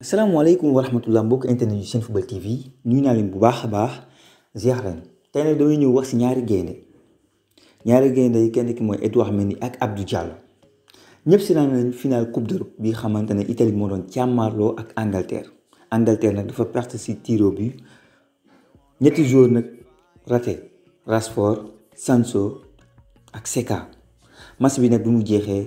السلام عليكم ورحمة الله مبوك انتنا يوسين فوبل تي في نيونا لين بو باخ باخ زيارن تينا دوي نيو واخ سي نياري غيند نياري غيند اي كين كي موي ادوار ميني اك عبدو جالو نيب سي نان فينال كوب دورو بي خامتاني ايطالي مو دون تيامارلو اك انجلتير انجلتير نك دا بارت سي تيرو بي نيتي جور نك راتي راسفور سانسو اك سيكا ماس بي نك بومو جيخي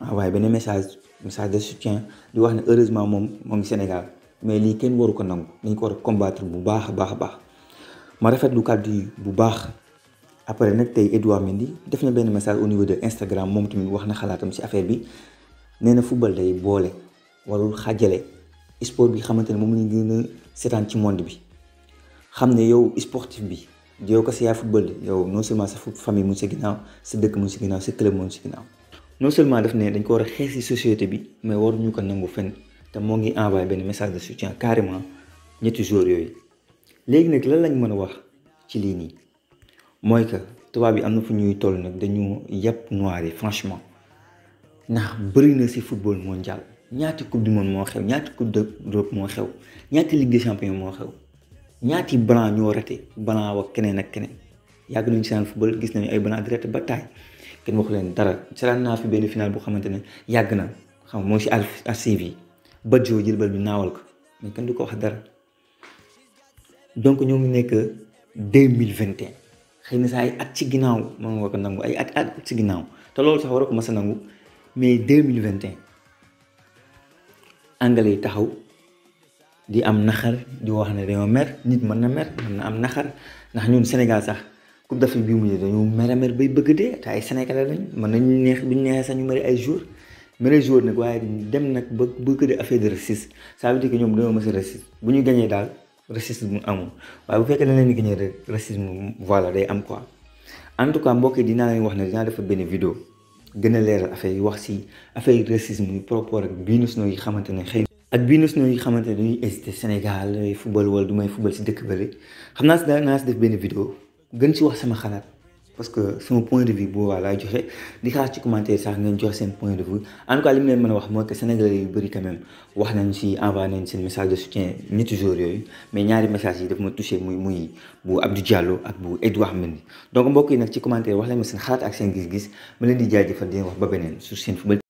Ah, waaye beneen message message de soutien di wax ne heureusement moom moo ngi Sénégal mais lii kenn waru ko nangu dañ ko war a combattre bu baax baax a baax ma lu kàddu yi bu baax après nag tey Edouard Mendy def na benn message au niveau de Instagram moom tamit wax na xalaatam ci affaire bi nee na football day boole warul xàjjale sport bi xamante ne moom la ñu gën a seetaan ci monde bi xam ne yow sportif bi yow ko sa yaay football yow non seulement non seulement daf ne dañ ko war a xeex si société bi mais waruñu ko nangu fenn te moo ngi envoyé benn message de soutien carrément ñetti jours yooyu léegi nag lan lañ mën a wax ci lii nii mooy que tubaab yi am na fu ñuy toll nag dañu yàpp noir yi franchement ndax bëri na si football mondial ñaati coupe du monde moo xew ñaati coupe d'Europe moo xew ñaati ligue des champions moo xew ñaati blanc ñoo rate blanc wax keneen ak keneen yàgg nañu seen football gis nañu ay blanc di ba taay kenn waxu leen dara seetaan naa fi benn final bu xamante ne yàgg na xam nga moo si archive yi Badjo jël bal bi naawal ko mais kenn du ko wax dara donc ñoo ngi nekk deux mille vingt xëy na sa ay at ci ginnaaw moom nga ko nangu ay at at ci ginnaaw te loolu sax war ko mas nangu mais deux mille vingt et taxaw di am naxar di wax ne dañoo mer nit mën na mer mën na am naxar ndax ñun Sénégal sax. coupe d'Afrique bi mu ne dañoo mer mer bay bëgg dee te ay sénégalais lañ mën nañu neex bu ñu neexee sax ñu mere ay jour mere jour nag waaye dem nag ba bëgg de affaire de racisme ça veut dire que ñoom dañoo mës a racisme bu ñu gañee daal racisme amul waaye bu fekkee dañ leen di gañee rek racisme voilà day am quoi en tout cas mbokk yi dinaa leen wax ne dinaa defar benn vidéo gën a leeral affaire yi wax si affaire yi racisme yi par rapport ak Binos Noor yi xamante ne xëy ak Binos Noor yi xamante ne dañuy hésité Sénégal football wala du may football si dëkk bëri xam naa si daal naa si def benn vidéo gën ci wax sama xalaat parce que sama point de vue boobaa laay joxe di xaar ci commentaire sax ngeen jox seen point de vue en tout cas li mu leen mën a wax mooy que sénégalais yu bëri quand même wax nañ si envoyé nañ seen message de soutien ñetti jours yooyu mais ñaari message yi daf ma touché muy muy bu Abdou Diallo ak bu Edouard Mendy donc mbokk yi nag ci commentaire wax leen ma seen xalaat ak seen gis-gis ma leen di jaajëfal di wax ba beneen sur seen football